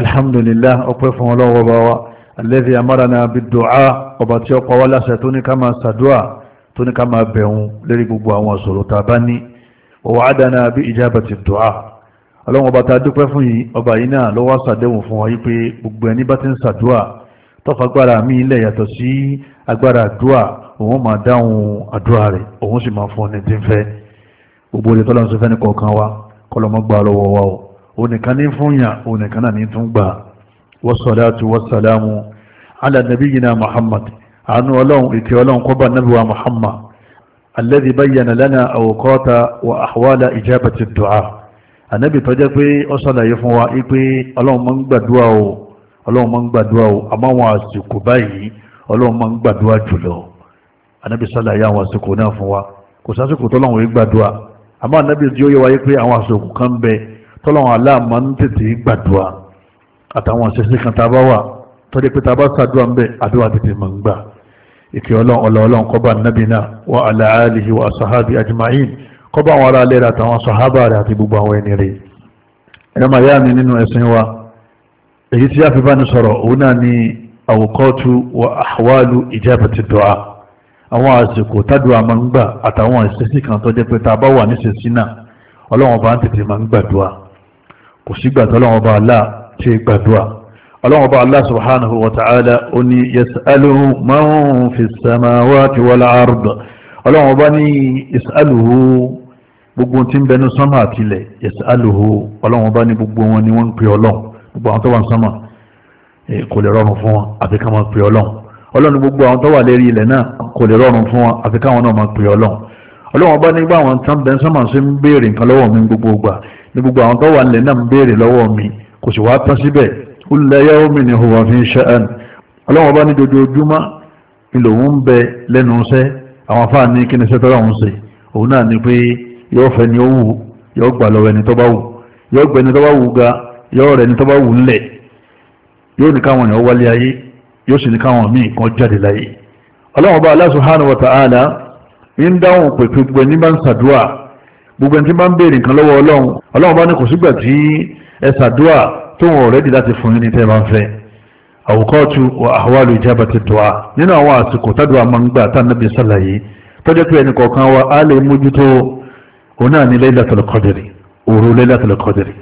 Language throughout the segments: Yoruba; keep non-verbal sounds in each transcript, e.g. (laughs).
alhamdulillah ọpẹ́ fún ọlọ́wọ́ bá wa alladhi amarana bid-du'a ọba tí ó pa wá láṣẹ tó ní ká máa sàdúà tó ní ká máa bẹ̀rún lérí gbogbo àwọn ọ̀sọ̀rọ̀ tàbá ní wa wa'adana bi ijabati du'a ọlọ́wọ́ bá ta dúpẹ́ fún yìí ọba yìí náà ló wá sàdéhùn fún wa yí pé gbogbo ẹni bá ti ń sàdúà tọ́fagbára mi ilẹ̀ yàtọ̀ sí agbára àdúà òun máa dáhùn àdúà rẹ̀ òun sì máa fún ọ ní tí ń fẹ́ gbogbo olè tọ́lá ń sọ fẹ́ ní kọ̀ọ̀kan wa kọ́lọ́mọ́gbà lọ́wọ́ wa o onìkan ní fún yàn onìkan náà ní tún gbà wasalaatu wasalaamu ala nabiyina muhammad àánú ọlọ́run ìkẹ́ ọlọ́run kọ́ba nabiwa muhammad alladhi bayyana lana awqata wa ahwala ijabati du'a anabi tó jẹ́ pé ó ṣàlàyé fún wa pé ọlọ́run máa ń gbàdúrà o ọlọ́run máa ń gbàdúrà o àmọ́ àwọn àsìkò báyìí ọlọ́run máa ń gbàdúrà jùlọ anabi ṣàlàyé àwọn àsìkò náà fún wa kò sásìkò tó lọ́run yìí gbàdúrà àmọ́ anabi tí ó yẹ wáyé pé àwọn àsìkò kan bẹ́ẹ̀ tọ́lọ́wọ́n aláàmọ́ ń tètè gbàdúrà àtàwọn àṣẹṣe kan tá a bá wà tọ́jú pé tá a bá ṣàdúrà ń bẹ̀ àdúrà tètè mọ̀ ń gbà ìkẹ́ ọlọ́ọ̀lọ́ọ̀lọ́ọ̀ kọ́ba nàbìnà wa ala alihi wa sahabi ajma'in kọ́ba àwọn ará lẹ́rẹ̀ àtàwọn sahaba rẹ̀ àti gbogbo àwọn ẹni rẹ̀ ẹ̀rọ màá yá mi nínú ẹ̀sìn wa èyí tí a bá ní sọ̀rọ̀ òun náà ni àwòkọ́tù wa ahwalu ijabati du'a àwọn àsìkò kò sígbà tọ́lọ́wọ́n bá Allah ṣe gbàdúrà ọlọ́wọ́n bá Allah subhanahu wa ta'ala ó ní yas'aluhu man fi samawati wal ard ọlọ́wọ́n bá ní yas'aluhu gbogbo tí ń bẹnu sánmà àtìlẹ̀ yas'aluhu ọlọ́wọ́n bá ní gbogbo wọn ni wọ́n ń pè ọlọ́run gbogbo àwọn tó wà ní gbogbo àwọn tó wà nílẹ̀ náà ń béèrè lọ́wọ́ mi kò sì wá tán síbẹ̀ ó lẹ́yà omi ni huwa fi sha'an ọlọ́wọ́n bá ní dojoojúmọ́ ìlòun ń bẹ lẹ́nu iṣẹ́ àwọn afáà ní kí ni iṣẹ́ tọ́lá òun ṣe òun náà ni pé yóò fẹ́ ni ó wù yóò gbà lọ́wọ́ ẹni tó bá wù yóò gbẹ ẹni tó bá wù ga yóò rẹ̀ ẹni tó bá wù ńlẹ̀ yóò ní káwọn èèyàn wálé ayé yóò sì ní káwọn míì kan jáde láyé ọlọ́wọ́n bá Allah subhanahu wa ta'ala ń gbogbo ẹni tí bá ń béèrè nǹkan lọ́wọ́ ọlọ́run ọlọ́run bá ní kò sígbà tí ẹ ṣàdúà tóun ọ̀rẹ́dì láti fún yín ní tẹ́ bá ń fẹ́ àwòkọ́ọ̀tù àwàlù ìjábà ti dùà nínú àwọn àsìkò tádùá máa ń gbà tá nàbì sàlàyé tọ́jọ́ pé ẹnì kọ̀ọ̀kan wa á lè mójútó òun náà ní Laylatul Qadri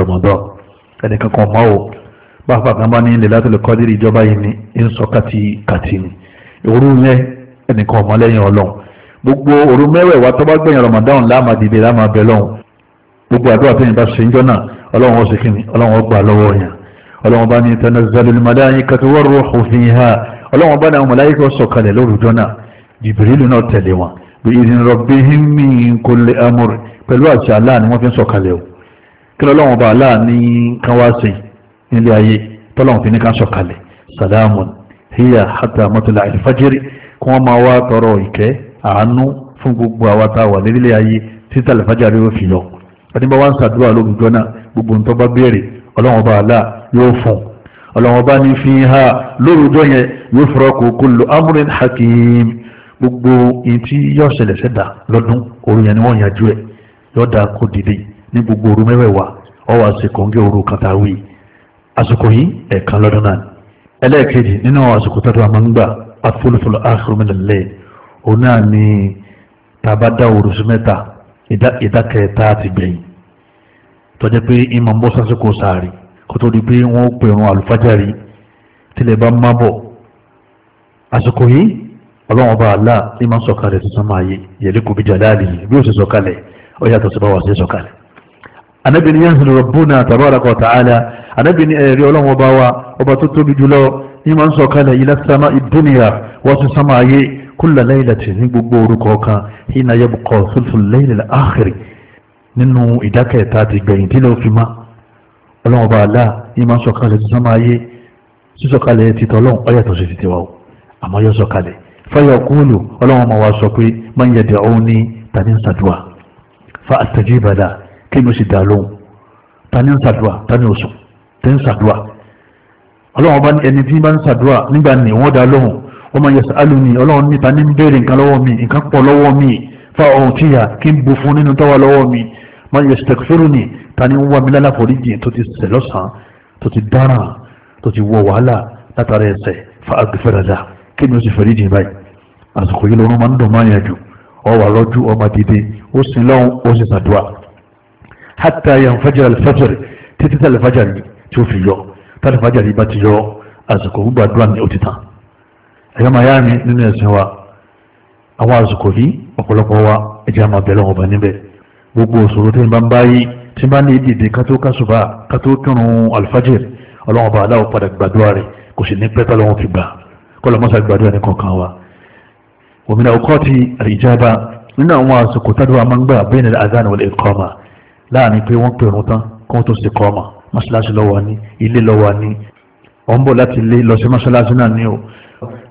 Ramadan ẹnìkan kan báfà kan bá ní ilẹ̀ láti lè kọ́dí ìjọba yìí ní ìsọ kàtìkàtì ni òru yẹn ẹnìkan ọmọlẹ́yìn ọlọ́run gbogbo òru mẹ́wẹ̀ẹ̀wá tó bá gbẹ̀yìn Ramadan láàmà dìde láàmà bẹ̀ lọ́hùn gbogbo àdúrà tó yẹn bá ṣe ń jọ́nà ọlọ́run ó sì kí ni ọlọ́run ó gbà lọ́wọ́ yẹn ọlọ́run bá ní tanazzalul malaikatu warruhu fiha ọlọ́run bá ní àwọn màláyíkà nílé ayé tọ́lọ́hún fi ní ká sọ̀kalẹ̀ salamun hiya hatta matla alfajiri kí wọ́n máa wá tọrọ ìkẹ́ àánú fún gbogbo àwa tá a wà nílé ayé títí alfajiri yóò fi lọ ẹni bá wá ń sàdúrà lóògùn náà gbogbo nǹkan bá béèrè ọlọ́run ọba àlá yóò fún ọlọ́run ọba ní fi ha lóòrùjọ́ yẹn yóò fọ́rọ́ kó kullu amrin hakim gbogbo yìí tí yóò ṣẹlẹ̀ ṣẹ̀dá lọ́dún òru yẹn ni wọ́n yànjú ẹ̀ yọ̀ọ́dà kò dìde ní gbogbo òru mẹ́wẹ̀ẹ̀wá ọwọ́ àṣekọ̀ǹgẹ́ òru kàtàwé àsìkò yìí ẹ̀ẹ̀kan lọ́dún náà ẹlẹ́ẹ̀kejì nínú àsìkò tó a máa ń gbà afúlùfúlù àkùrùmílẹ̀lẹ̀ òun náà ni tàbá dá òrùsù mẹ́ta ìdákẹ́ta ti gbẹ̀yìn tọ́jẹ́ pé ìmọ̀ ń bọ́ sásìkò sàárì kó tó di pé wọ́n pè wọn àlùfájàrí tilẹ̀ bá má bọ̀ àsìkò yìí ọlọ́wọ́n bá àlá ìmọ̀ sọ̀kalẹ̀ tuntun máa yẹ yẹlẹ́kù bíjà láàlì bí ó sì sọ̀kalẹ̀ ó sí bá sí sọ̀kalẹ̀ anábìnrin yẹn ń sọ̀rọ̀ bùnà tàbá ọ̀dàkọ̀ tààlà ànábì ní ẹ̀rí ọlọ́run ọba wa ọba tó tóbi jùlọ ní máa ń sọ kalẹ̀ ila sama ìdúnìyà wọ́n ti sámà ayé kulla laylati ní gbogbo orúkọ kan hina yabqa sulsul laylil akhir nínú ìdákẹ́ta ti gbẹ̀yìn tí ló fi má ọlọ́run ọba àlá ní máa ń sọ kalẹ̀ ti sámà ayé sísọkalẹ̀ títọ́ ọlọ́run ọyàtọ̀ sí ti tiwa o àmọ́ yóò sọ kalẹ̀ fayaqulu ọlọ́run ọmọ tani ń sàdúà tani ń sùn tẹ́ ń sàdúà ọlọ́run ọba ẹni tí bá ń sàdúà nígbà ní wọ́n dá lóhùn wọ́n máa yẹsẹ̀ alu mi ọlọ́run níta ní bẹ́ẹ̀rẹ̀ nǹkan lọ́wọ́ mi nǹkan pọ̀ lọ́wọ́ mi fa ohun tí yà kí n bu fún nínú tọ́wọ́ lọ́wọ́ mi máa yẹsẹ̀ tẹ̀kífẹ́rù ni ta ni ń wá mi lálàforíjì tó ti sẹ̀ lọ́sàn-án tó ti dáràn tó ti wọ wàhálà látara ẹsẹ̀ fa agbèfẹ́rẹ́dà kí ni ó sì fẹ́rí jìn báyìí àsìkò yìí lọ́run máa ń dùn máa ń yàn jù ọwà rọ́jú ọmọ dìde ó sin lọ́hùn ó sì sàdúà hátà yàn fẹ́jẹ̀ alifájẹ̀ títí tẹ̀lifájẹ̀ yìí tí ó fi yọ tálẹ̀ fàájàrí bá ti yọ àsìkò gbàdúrà ní òtítà ẹ̀yọ́ máa yá nínú ẹ̀sìn wa àwọn àsìkò yìí ọ̀pọ̀lọpọ̀ wa ẹ̀jẹ̀ àmà bẹ̀rẹ̀ wọn bá níbẹ̀ gbogbo òṣòro tí n bá ń báyìí tí n bá ní ìdìde kátó kásùbà kátó kírun alfajir ọlọ́wọ́n bá aláwọ̀ padà gbàdúrà rẹ̀ kò sì ní pẹ́ tọ́lọ́wọ́n fi gbà kọ́lọ́ mọ́sá gbàdúrà ní kọ̀ọ̀kan wa òmìnira òkọ́ ti ìjábá nínú àwọn àsìkò tádùn àmọ́ ń mọ́ṣáláṣí ló wà ní ilé ló wà ní ọ̀ ń bọ̀ láti ilé lọ sí mọ́ṣáláṣí náà ní o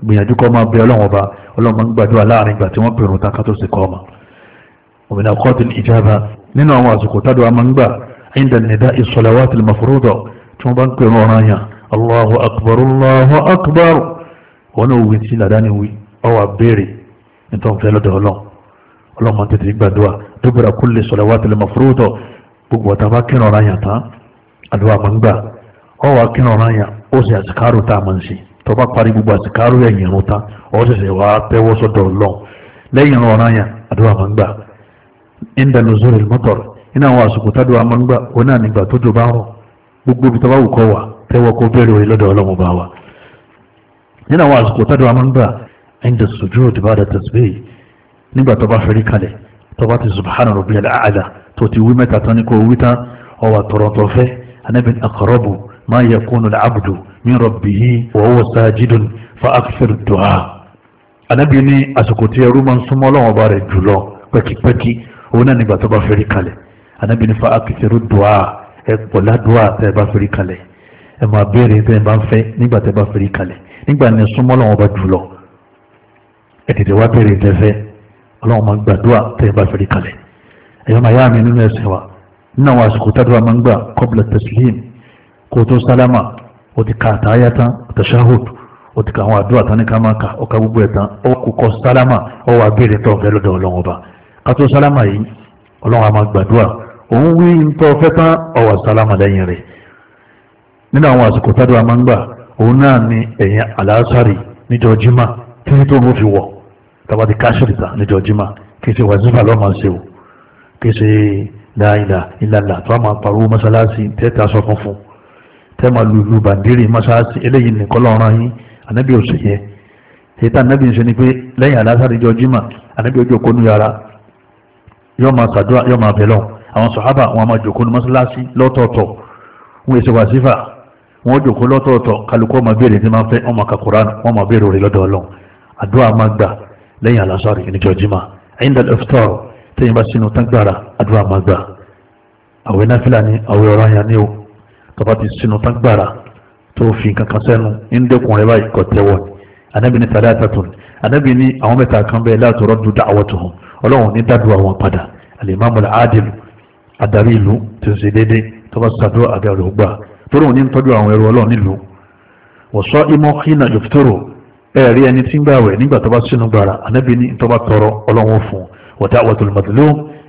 gbìyànjú kọ́ máa bẹ ọlọ́run ọba ọlọ́run máa ń gbàdúrà láàrin ìgbà tí wọ́n pèrò ta kátó sí kọ́ òmìnira kọ́ọ̀tì ìjábá nínú àwọn àsìkò tádùn àmọ́ ń gbà عند النداء الصلوات المفروضة ثم بنكر ورايا الله أكبر الله أكبر ونوي سيلا دانوي أو عبيري انتم فعلوا ده الله اللهم انت تريد بدوا دبر كل صلوات المفروضة بقوة تباكر ورايا تا àdúrà máa ń gbà ọ wà kí náà ráyà ó sì àsìkárò tá a máa ń ṣe tó bá parí gbogbo àsìkárò ẹ̀yìn irun tán ọ ṣẹ̀ṣẹ̀ wá tẹ́wọ́ sọ́dọ̀ ọlọ́run lẹ́yìn irun ráyà àdúrà máa ń gbà inda nuzul al-matar iná àwọn àsìkò tádùá máa ń gbà ó náà nígbà tó jò bá rọ̀ gbogbo ibi tó bá wù kọ́ wà tẹ́wọ́ kó bẹ̀rẹ̀ orí lọ́dọ̀ ọlọ́run wa nínú àwọn àsìkò tádùá inda sujud ba'da tasbih nígbà tó bá fẹ́rí kalẹ̀ tó bá ti subhana rabbiyal a'la tó ti wí mẹ́ta tán ní kò wí tán ọwà tọ̀rọ̀tọ̀ fẹ́ anabi akọrọbu ma yakunu al'abdu min rabbihi wa huwa sajidun fa akthir du'a anabi ní àsìkò tí ẹrú máa ń súnmọ́ Ọlọ́run ọba rẹ̀ jùlọ pẹ́kipẹ́ki òun náà nígbà tó bá fẹ́rí kalẹ̀ anabi ní fa akthir du'a ẹ pọ̀lá du'a tẹ́ ẹ bá fẹ́rí kalẹ̀ ẹ máa béèrè tẹ́ ẹ bá ń fẹ́ nígbà tẹ́ ẹ bá fẹ́rí kalẹ̀ nígbà ní súnmọ́ Ọlọ́run ọba jùlọ ẹ tètè wá béèrè tẹ́ fẹ́ Ọlọ́run máa gbàdúrà tẹ́ ẹ bá fẹ́rí kalẹ̀ ẹ̀yọ́ máa yá mi nínú ẹ̀sìn wa nínú àwọn àsìkò tàdúrà máa ń gbà kọ́bùlà tẹ̀sílìm kó tó sálámà ó ti ka àtàyà tán tẹ̀sáhùd ó ti ka àwọn àdúrà tán ní ká máa kà ọ̀ka gbogbo ẹ̀ tán ó kò kọ́ sálámà ó wà béèrè tó ọ̀fẹ́ lọ́dọ̀ ọlọ́run ọba ká tó sálámà yìí ọlọ́run á máa gbàdúrà òun wí ntọ́ ọ̀fẹ́ tán ó sálámà lẹ́yìn rẹ̀ nínú àwọn àsìkò tàdúrà máa ni ẹ̀yìn àlàásàrì níjọ́ jimá títí tó ń láìlà ìlàlà tó a máa pariwo mọ́sálásí tẹ́tà sọ funfun tẹ́ máa lulu bàndírì mọ́sálásí eléyìí nìkan lọ́rùn yín ànábì òsè yẹ ètò ànábì ń ṣe ni pé lẹ́yìn alásàrí jọ jimá ànábì ojú òkú nu yàrá yóò máa sàdúrà yóò máa bẹ̀ àwọn sàhábà wọn a máa jòkó ní mọ́sálásí lọ́tọ̀ọ̀tọ̀ wọn èsì wàsífà wọn jòkó lọ́tọ̀ọ̀tọ̀ tẹ́yìn bá sínú tán gbàrà àdúrà máa gbà àwẹ̀ náfìlà ni àwẹ̀ ọ̀rọ̀ yẹn ni o tọ́ba ti sínú tán gbàrà tó fi nǹkan kan sẹ́nu ń dẹ́kun rẹ báyìí kọ́ tẹ́wọ̀ anabi ni sàlẹ̀ àtàtùn anabi ni àwọn mẹ́ta kan bẹ́ẹ̀ láti rọ́dù dá àwọn tó hàn ọlọ́run ní dádùn àwọn padà alimami adilu adarí ìlú tó ń ṣe déédé tọ́ba sàdúrà àbí àlùgbà torí òun ní ń tọ́jú àwọn ẹrù ọlọ́run nílùú wọ̀sọ́ imọ̀ hínà yòfitóró ẹ̀rí ẹni tí ń gbàwẹ̀ nígbà tó bá sínú wọ́tá wọ́tò lùmọ̀tòló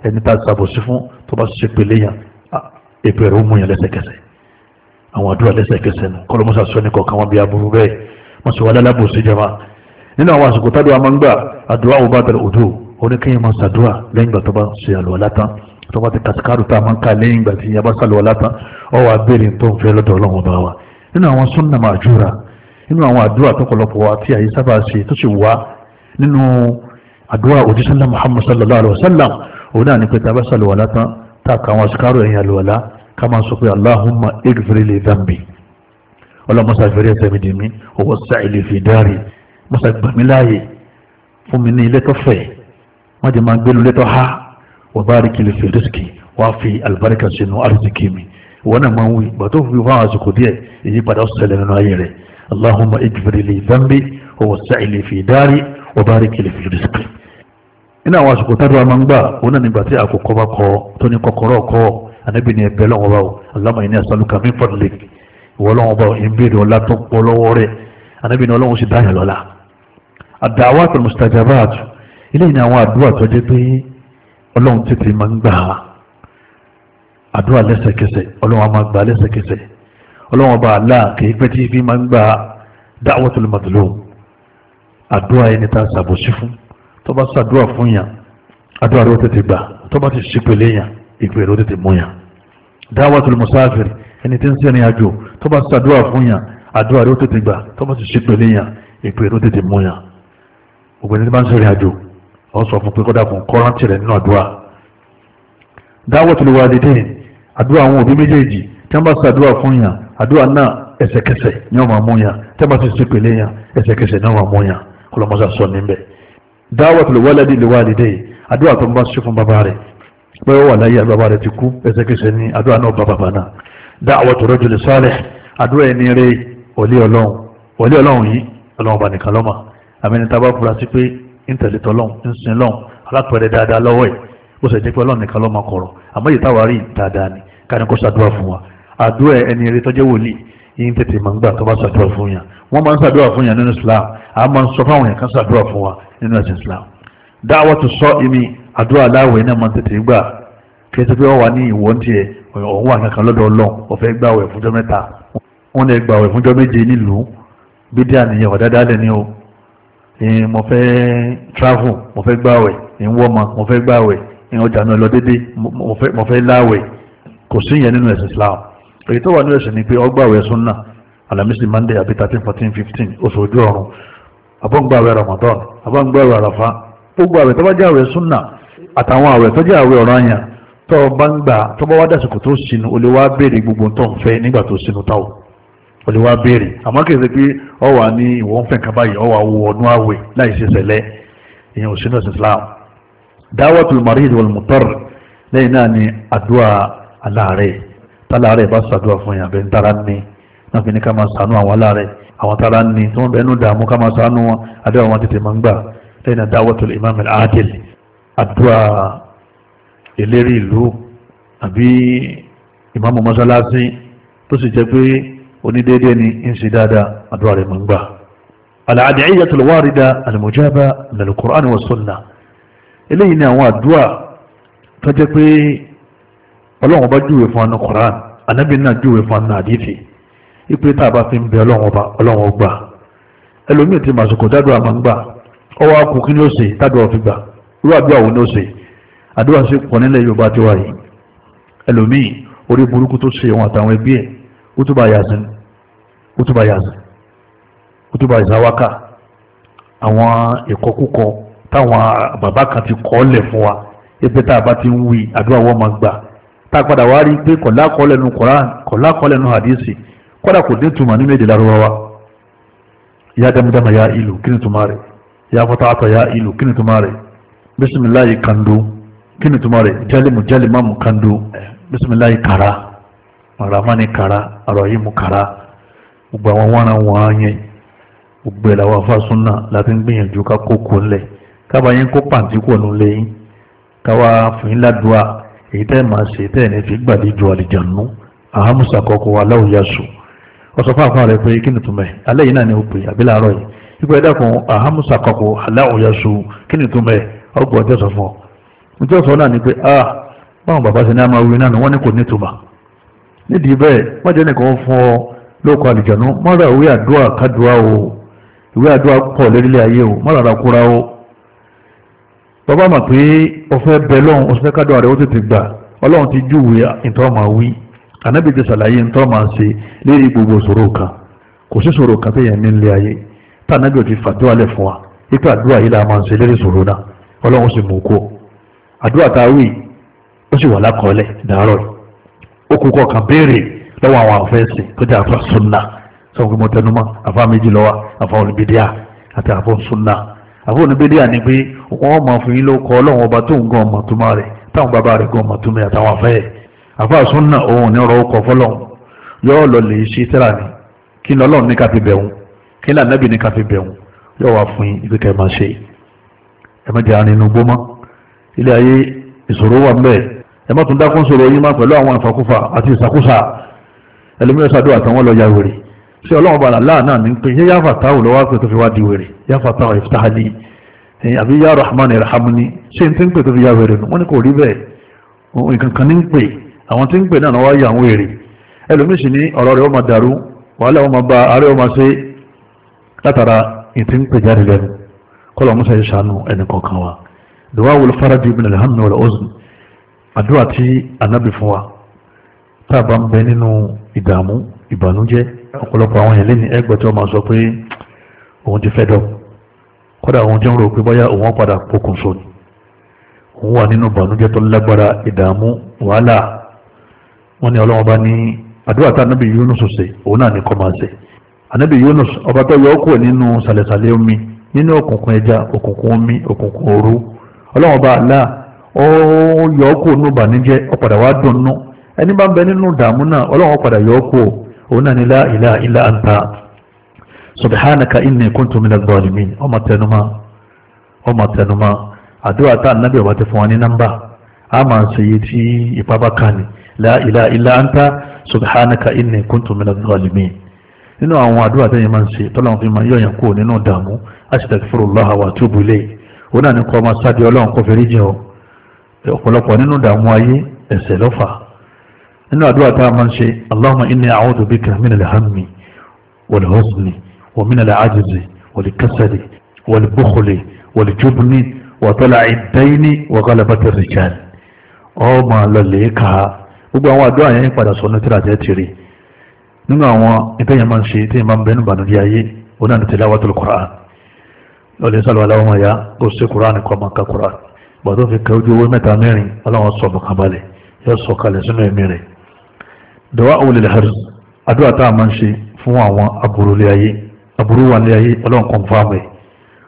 ẹni tá a sàbòsí fún tó bá ṣe pèlè yàn èpè rẹ̀ ó mú yàn lẹ́sẹ̀kẹsẹ̀ àwọn àdúrà lẹ́sẹ̀kẹsẹ̀ nù kọ́ ló mọ́sà sọ ní kọ̀ọ̀kan wọn bí aburú bẹ́ẹ̀ mọ́sà wà lálábòsí jama nínú àwọn àsìkò tádù amáńgbà àdúrà òbá tẹ̀lé òdò oníkẹ́yìn máa sàdúrà lẹ́yìn ìgbà tó bá ṣe àlùwàlá tán tó bá ti kàtìkárù tá a máa ń ka lẹ́yìn ìgbà tí yaba sàlùwàlá tán ọ wà béèrè tó ń fẹ́ lọ́dọ̀ ọlọ́run ọba wa nínú àwọn sunna máa jura nínú àwọn àdúrà tọ̀pọ̀lọpọ̀ wa àyè sábà ṣe tó sì wá nínú àdúrà òjísọ́lá muhammad sallallahu alayhi wa sallam òun náà ní pé tàbá sàlùwàlá tán tá a kà wọn sikaro ẹ̀yìn àlùwàlá ká máa sọ pé allahumma igfiri li dhanbi ọlọ́mọsá fẹ́rẹ́ ẹ̀sẹ̀ mi dìmí owó sàìlì fi dárí mọ́sá gbàmí láàyè fún mi ní ilé tó fẹ̀ wọ́n jẹ́ máa gbélu létọ́ ha wà bárik li fi rísíkì wà fi àlùbáríkà sínú àrísíkì mi wọ́n náà máa ń wí وبارك لي في رزقي iná àwọn àsìkò tádùá máa ń gbà òun náà nígbà tí àkókò bá kọ tó ní kọ́kọ́rọ́ kọ ànábì ní ẹgbẹ lọ́wọ́ bá o aláma ìní àsálùkà min fadlik ìwọ lọ́wọ́ bá o ìbéèrè ọlá tó pọ̀ lọ́wọ́ rẹ ànábì ní Ọlọ́run sì dáyà lọ́la ad-da'awatul mustajabat ilé ní àwọn àdúrà tó jẹ pé Ọlọ́run tètè máa ń gbà àdúrà lẹ́sẹ̀kẹsẹ̀ Ọlọ́run máa gbà lẹ́sẹ̀kẹsẹ̀ Ọlọ́run ọba àlá kì í pẹ́ tí fi máa ń gbà da'watul madlum àdúrà ẹni tá a ṣàbòsí fún tó bá ṣàdúrà fún yàn àdúrà rẹ ó tètè gbà tó bá ti ṣípele yàn ìpè rẹ ó tètè mú yàn dáwàtul musafir ẹni tí ń sẹ́ni àjò tó bá ṣàdúrà fún yàn àdúrà rẹ ó tètè gbà tó bá ti ṣípele yàn ìpè rẹ ó tètè mú yàn obìnrin tí bá ń sẹ́ni àjò ọ sọ fún pé kọ́dà fún kọ́rántì rẹ nínú àdúrà dáwàtul walidain àdúrà àwọn òbí méjèèjì tí wọ́n bá ṣàdúrà fún yàn àdúrà náà ẹsẹ̀kẹsẹ̀ kọlọmọsá sọ níbẹ̀ dáwà tó lè wálẹ́dì lè wálẹ́dì yìí àdúrà tó ń bá babare fún bàbá rẹ̀ pé ó wà láyé bàbá rẹ̀ ti kú ẹsẹ̀kẹsẹ̀ ní àdúrà náà bá bàbá náà dáwà tó rẹ̀ jùlẹ̀ sálẹ̀ àdúrà ẹni rẹ̀ òlé ọlọ́run òlé ọlọ́run yìí ọlọ́run bá kaloma lọ́mà àmẹ́ni tá a bá fura sí pé ń tẹ̀lé tọ́lọ́run ń sin lọ́run alápẹ̀rẹ̀ dáadáa lọ́wọ́ ẹ̀ ó sì jẹ́ pé ọlọ́run nìkan lọ́mà kọ̀rọ̀ àmọ́ yìí táwa rí dáadáa ni káni kó ṣàdúrà fún wa àdúrà ẹni rẹ̀ tọ́jẹ́ wòlíì yín tètè máa ń gbà tó bá ṣàdúrà fún yàn wọ́n máa ń ṣàdúrà fún yàn nínú Islam a máa ń sọ fáwọn yàn kan ṣàdúrà fún wa nínú ẹ̀sìn Islam dáwọ́ tó sọ èmi àdúrà láwẹ̀ náà máa ń tètè gbà kí ẹ ti fi wà ní ìwọ́n tiẹ̀ òun wà kankan lọ́dọ̀ Ọlọ́run ọ̀fẹ́ gbà wẹ̀ fúnjọ́ mẹ́ta wọ́n lè gbà wẹ̀ fúnjọ́ méje nílùú bídí àníyàn ọ̀dáadáa lẹ́ni o mo fẹ́ travel mo fẹ́ gbàwẹ̀ ìwọ́mọ mo fẹ́ gbàwẹ̀ ìwọ̀n ọjà náà lọ déédéé mo fẹ́ láwẹ̀ kò sí ìyẹn nínú ẹ̀sìn Islam èyí tó wà ní ẹ̀sìn ni pé ọgbàwẹ̀ súnà alamisi monday àbí thirteen fourteen fifteen oṣù ojú ọ̀run abọ́ngbàwẹ̀ ramadan abọ́ngbàwẹ̀ àràfà gbogbo àwẹ̀ tó bá jẹ́ àwẹ̀ súnà àtàwọn àwẹ̀ tó jẹ́ àwẹ̀ ọ̀ràn yẹn tó bá ń gbà tó bá wá dàsìkò tó sinu o lè wá béèrè gbogbo tó ń fẹ́ nígbà tó sinu táwọn o lè wá béèrè àmọ́ kì í ṣe pé ọ wà ní ìwọ̀n ń fẹ́ nǹkan báyìí ọ wà wọ ọdún àwẹ̀ láì Islam dáwọ́tul marid wal mutar lẹ́yìn náà ni àdúrà tálàárẹ̀ bá ṣàdúrà fún yàn bẹ́ẹ̀ tára ní náà fi ní ká máa ṣàánú àwọn aláàrẹ̀ àwọn tára ní tí wọ́n bẹ́ẹ̀ nù dààmú ká máa ṣàánú wọn àdúrà wọn tètè máa ń gbà lẹ́yìn náà dáwọ́tul imam al-adil àdúrà ìlérí ìlú àbí ìmáàmù mọ́sálásí tó sì jẹ́ pé onídéédé ni ń ṣe dáadáa àdúrà rẹ̀ máa ń gbà. al-ad'iyatul warida al-mujaba min al-Qur'an wa sunnah eléyìí ni àwọn àdúrà tó ọlọ́run ọba júwe fún anú koran anabi náà júwe fún anú àdìsí ipe tá a bá fi ń bẹ ọlọ́run ọba ọlọ́run ọgbà ẹlòmíì ti màsùkò dádùn àmọ́ ń gbà ọwọ́ akùn kí ni ó ṣe dádùn ọ̀fi gbà irú àdúrà wo ni ó ṣe àdúrà sí pọ̀ nílẹ̀ yorùbá ti wáyé ẹlòmíì orí burúkú tó ṣe òun àtàwọn ẹbí ẹ̀ útúbà yàsìn útúbà yàsìn útúbà ìsáwákà àwọn ìkọkúkọ táwọn bàbá kan ti kọ́ lẹ̀ fún wa ẹgbẹ́ tá a bá ti ń wí àdúrà wọ́n máa gbà tá a padà wá rí pé kọ̀lá kọ́lẹ́nu Qur'an kọ̀lá kọ́lẹ́nu hadisi kọ́dà kò dé tuma nínú èdè Lárúbáwá ya dámadáma ya ìlú kí ni tuma rẹ̀ ya fatahata ya ìlú kí ni tuma rẹ̀ bisimilayi kando kí ni tuma rẹ̀ jalimu jalimamu kando eh, bisimilayi kara aramani kara arahimu kara gbogbo àwọn wọnà wọn yẹn gbogbo ẹ̀ làwọn afásúnà láti ń gbìyànjú ká kókó ńlẹ̀ kábàáyé kó pàǹtí kò nù lẹ́yìn káwá fún ládùúà èyí tẹ́ máa ṣe tẹ́ ní fi gbàlejò àlìjànú àhámùsà kọ̀ọ̀kọ̀ aláwòyàṣù ọ̀sọ̀ fún àfáà rẹ̀ pé kí ni túmẹ̀ alẹ́ yìí náà ni ó pè àbí láàárọ̀ yìí ipò ẹ̀dá kan àhámùsà kọ̀ọ̀kọ̀ aláwòyàṣù kí ni túmẹ̀ ọgbọ̀n ọjọ́ sọ fún ọ nítorí ọ̀sọ̀ náà ni pé a ah, báwọn bàbá ṣe ní a máa wí náà wọ́n ní kò ní túmọ̀ nídìí bẹ́ẹ̀ wọ́n jẹ́ nìkan fún ọ bàbá mọ̀ pé ọfẹ́ bẹ lọ́hùn ọ̀sẹ̀ kádùn àrẹ ó tètè gbà ọlọ́run ti júwe ìtọ́mà wí ànábì ti ṣàlàyé ìtọ́mà ṣe lérí gbogbo ṣòro kan kò sí ṣòro kan téèyàn ní ilé ayé tànábì ò ti fàdúrà lẹ̀ fún wa ipa àdúrà yìí la máa ń ṣe lérí ṣòro náà ọlọ́run sì mú kó àdúrà tá a wí ó sì wà lákọọ́lẹ̀ dàárọ̀ ó kú kọ̀ọ̀kan béèrè lọ́wọ́ àwọn àfẹ́sì tó jẹ́ àfa sunna sọ pé mo tẹnu mọ́ àfa méjì lọ́wọ́ àfa olùbídíà sunna àbúrò ní bídíà ni pé wọ́n mọ̀ fún yín ló kọ́ ọlọ́run ọba tó ń gan ọmọ tó máa rẹ̀ táwọn bàbá rẹ̀ gan ọmọ tó máa àtàwọn afẹ́ ẹ̀ àfa sunna òun ní ọ̀rọ̀ ọkọ̀ fọlọ́run yóò lọ lè ṣe tẹ́ra ni kí ni ọlọ́run ní ká fi bẹ̀rù kí ni ànábì ní ká fi bẹ̀rù yóò wá fún yín ibi kẹ́ẹ̀ máa ṣe ẹ má jẹ́ àárín inú gbómọ́ ilé ayé ìṣòro wà mbẹ́ ẹ má tún dákún sọ̀rọ̀ yín má pẹ̀lú àwọn àfàkùfà àti ìṣàkóso ẹlòmíràn ṣàdúrà àtàwọn lọ yàwòrì ṣé ọlọ́run bá làlá náà ní pé yẹ́ yáfà táwọn lọ́wọ́ pé tó fi wá di wèrè yáfà táwọn ìfitahali àbí yá rahman irhamni ṣé n ti ń pè tó fi yá wèrè nù wọ́n ní kò rí bẹ́ẹ̀ nǹkan kan ní ń pè àwọn tí ń pè náà ni wọ́n yà ń wèrè ẹlòmíì sì ní ọ̀rọ̀ rẹ̀ ó máa dàrú wàhálà ó máa ba àárẹ̀ ó máa ṣe látara ìtì ń pè jáde lẹ́nu kọ́lọ̀ musa ìbànújẹ́ ọ̀pọ̀lọpọ̀ àwọn èèyàn lẹ́ni ẹgbẹ́ tí wọ́n máa sọ pé òun ti fẹ́ dọ̀ kódà òun ti ń rò pé bóyá òun padà pokùnso ni òun wà nínú ìbànújẹ́ tó lágbára ìdààmú wàhálà wọn ni ọlọ́wọ́n bá ní àdúrà tá anábì Yunus ṣe òun náà ní kọ́ máa ṣe anábì Yunus ọba tó yọ ọkọ̀ nínú sàlẹ̀sàlẹ̀ omi nínú òkùnkùn ẹja òkùnkùn omi òkùnkùn òru ọlọ́wọ́n bá àlá ó yọ ọkọ̀ nínú ìbànújẹ́ ó padà dùn nù ẹni bá ń bẹ nínú ìdààmú náà ọlọ́wọ́n padà yọ ọkọ̀ òun náà ni la ilaha illa anta subhanaka inni kuntu minaz zalimin ọmọ tẹnumọ́ ọmọ tẹnumọ́ àdúrà tá ànábì ọba ti fún wa ní nọ́mbà a máa ṣe yìí tí ipa bá kà ní la ilaha illa anta subhanaka inni kuntu minaz zalimin nínú àwọn àdúrà tẹ́yìn máa ń ṣe tọ́lọ́wọ́n fi máa yọ̀yàn kúrò nínú ìdààmú astaghfirullah wa atubu nínú àdúrà tá a máa ń ṣe Allahumma inni a'udhu bika min al-hammi wal-huzni wa min al-'ajzi wal-kasali wal-bukhli wal-jubni wa tala'i ad-dayni wa ghalabati ar-rijal ọ máa lọ lè ka gbogbo àwọn àdúrà yẹn padà sọnù tíra jẹ́ tìrì nínú àwọn ìtẹ̀yẹ̀ máa ń ṣe ìtẹ̀yẹ̀ máa ń bẹnu bànújẹ́ ayé onáni tilawatul Qur'an lọ́lẹ̀ sálọ̀ aláwọ̀ ya ó ṣe Qur'an kọ́ máa ka Qur'an gbàdọ́ fi kẹ́ ojú owó mẹ́ta mẹ́rin ọlọ́wọ́n sọ̀ bọ̀kànbalẹ̀ yóò sọ̀ kalẹ̀ sínú ẹ̀mí rẹ̀ dọ̀wá òwúlẹ̀ lẹ́hàrì àdúrà tá a máa ń ṣe fún àwọn aburú ilé ayé aburú wà ilé ayé ọlọ́run kan fún àmì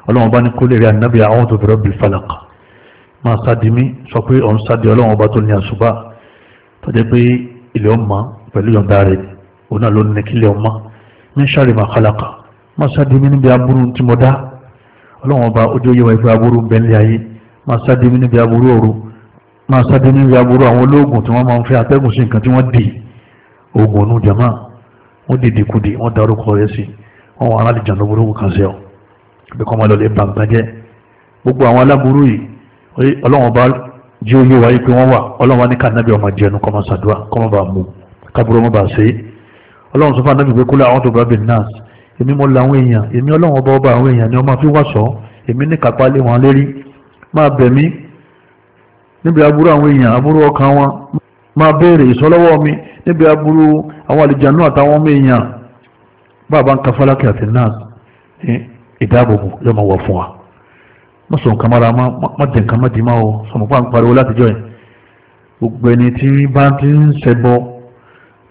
ọlọ́run bá ní kó lè rí ànábì àwọn tó bẹ̀rẹ̀ bí falaq máa sádi mí sọ pé ọ̀n sádi ọlọ́run ọba tó ní àṣùbà tó jẹ́ pé ilé ọmọ pẹ̀lú yọ̀ǹda rẹ̀ òun náà ló ní kí ilé ọmọ ní sáré máa kálákà máa sádi mí níbi aburú tí mo dá ọlọ́run ọba ojú yẹ wáyé pé aburú bẹ́ẹ̀ ilé ayé máa oògùn ọ̀nù jama wọ́n dìde kudi wọ́n darúkọ rẹ̀ sí wọ́n wọ́n aráàlú jàǹdà burúkú kan sí ọ bí kò máa lọ lè bàǹkà jẹ́ gbogbo àwọn aláburú yìí ọlọ́wọ́n bá jí ó yé wáyé pé wọ́n wà ọlọ́wọ́n ní kànáàbí ọmọ jẹnu kọ́ máa ṣàdúrà kọ́ máa bá mú kábúrò máa bá ṣe ọlọ́wọ́n sọ fún anábì pé kúlẹ̀ àwọn tó bá bẹ̀ náà èmi mo la àwọn èèyàn èmi ọlọ́wọ́n bá ọba àwọn èèyàn ni wọ́n máa fi wá sọ èmi ní kápá lé wọn lérí máa bẹ̀ mí níbi aburú àwọn èèyàn aburú ọkàn wọn máa béèrè ìsọlọ́wọ́ mi níbi aburú àwọn àlìjànú àtàwọn ọmọ èèyàn bàbá ń ka fálákì àti náà ìdáàbòbò yóò máa wà fún wa má sọ nǹkan mára má dẹ̀ nǹkan má dì o sọmọ pa ń pariwo látijọ́ yẹn gbogbo ẹni tí bá ti ń ṣẹbọ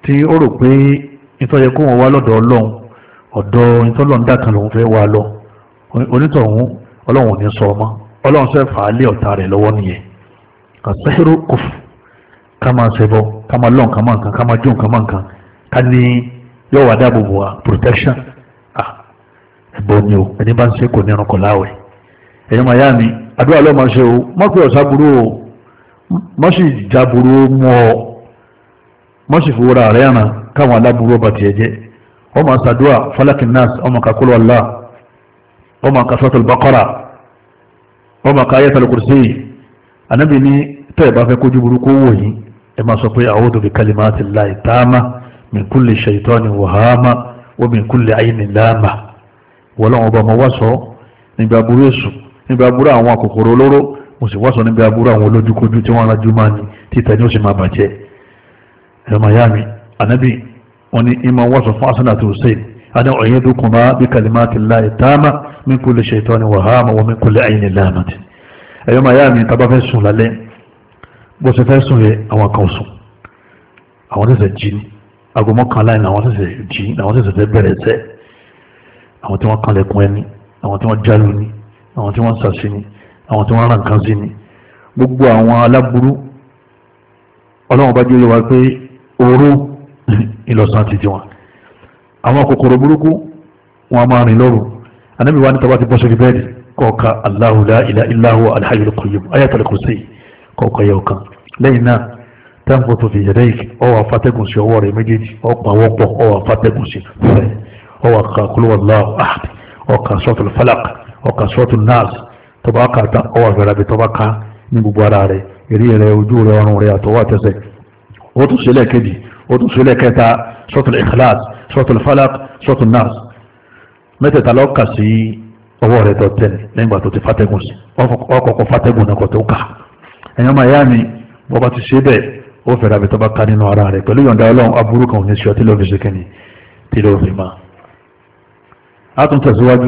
tí ó rò pé ìtọ́jẹ kó wọn wá lọ́dọ̀ ọlọ́run ọ̀dọ̀ ìtọ́lọ́run dàkan lòun fẹ́ wá lọ onítọ̀hún ọlọ́run ò ní sọ ọmọ ọlọ́run sẹ́ fàálẹ̀ ọ̀tá rẹ̀ lọ́wọ́ nìyẹn àṣẹ́rò kò fún Kama sebo, kama long, kama lọ́n kama máa kama ká máa jó nǹkan máa nǹkan ká protection ah ẹ̀bọ ni o ẹni bá ń ṣe kò ní ẹran kọ̀ láwẹ̀ ẹ̀yin màá yá mi àdúrà lọ́ọ́ máa ṣe o má pé ọ̀sá burú o má sì já burú mú ọ má sì fowó ra rẹ̀ àràn káwọn aláburú ọba tiẹ̀ jẹ́ ọmọ àṣàdúrà falakin nas ọmọ kakulu Allah ọmọ kasatul Baqara ọmọ kayatul kursi anabi ni tẹ́ ẹ̀ bá fẹ́ kójú burúkú wò yìí ẹ máa sọ pé a'udhu bi kalimati llahi taama min kulli shaytani wahama wa min kulli ayni laama wọlọ́wọ́n ọba ọmọ wá sọ níbi aburú èṣù níbi aburú àwọn àkòkòrò olóró mo sì wá sọ níbi aburú àwọn olójúkojú tí wọ́n rájú máa ní títẹ̀ ní ó sì máa bàjẹ́ ẹ̀rọ mayami anabi wọn ni ìmọ̀ wá sọ fún asana àti hussein adé ọ̀yẹ́ dúkùn máa bí kalimati llahi taama min kulli shaytani wahama wa min kulli ayni laama bó ṣe fẹ́ sùn yẹ àwọn kan sùn àwọn ṣẹ̀ṣẹ̀ jí ní aago mọ́kànlá ẹ̀ làwọn ṣẹ̀ṣẹ̀ jí làwọn ṣẹ̀ṣẹ̀ fẹ́ bẹ̀rẹ̀ ṣẹ́ àwọn tí wọ́n kanlẹ̀kùn ẹni àwọn tí wọ́n jálu ni àwọn tí wọ́n sàṣì ni àwọn tí wọ́n ràn kan sí ni gbogbo àwọn aláburú ọlọ́run bá jẹ́ wa pé oró (laughs) ìlọsàn ti tiwọn àwọn kòkòrò burúkú wọn máa rìn lọ́rùn anábìwá ní tọ́ba ti bọ́ sórí bẹ́ẹ̀dì kọ́ọ̀ka Allahu la ilaha illa huwa alhayyul qayyum ayatul kursi kọ̀ọ̀kan yọ̀ kan lẹ́yìn náà táǹkù tó fi yẹ̀dẹ́ yìí ọwọ́ afátẹ́gùn sí ọwọ́ rẹ̀ méjèèjì ọ̀pọ̀ àwọn pọ̀ ọwọ́ afátẹ́gùn sí fẹ́ ọwọ́ ká kúlúwàláwù ahad ọ̀kà sọ́tún falak ọ̀kà sọ́tún nas tọba ká ta ọwọ́ àfẹ́rẹ́ bí tọba ká ní gbogbo ara rẹ̀ eré rẹ̀ ojú rẹ̀ ọrùn rẹ̀ àtọwọ́ àtẹsẹ̀ ó tún sílẹ̀ kejì ó tún sílẹ̀ kẹta sọ́tún ikhlas sọ́tún falak sọ́tún nas mẹ́tẹ̀ẹ̀ta lọ́ọ̀kà sí ọwọ́ rẹ̀ tó tẹ̀lé lẹ́yìn ẹ̀yàn máa yá mi bọ́ bá ti ṣe bẹ́ẹ̀ ó fẹ̀rẹ̀ àbẹ̀tọ́ bá ká nínú ara rẹ̀ pẹ̀lú yọ̀ǹda ọlọ́run aburú kan ò ní ṣe ọtí lọ́ọ́ fi ṣe kẹ́ni tí lọ́ọ́ fi máa. a tún tẹ̀síwájú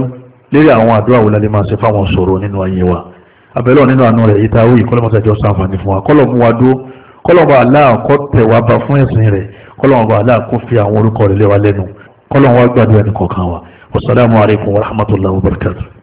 lérí àwọn àdúrà wo lálẹ́ máa ṣe fáwọn sọ̀rọ̀ nínú ayé wa abẹ́lẹ́ nínú àánú rẹ̀ yìí ta wí kọ́lọ́mọ́sàjọ́ sàǹfààní fún wa kọ́lọ́ wa dúró kọ́lọ́mọ́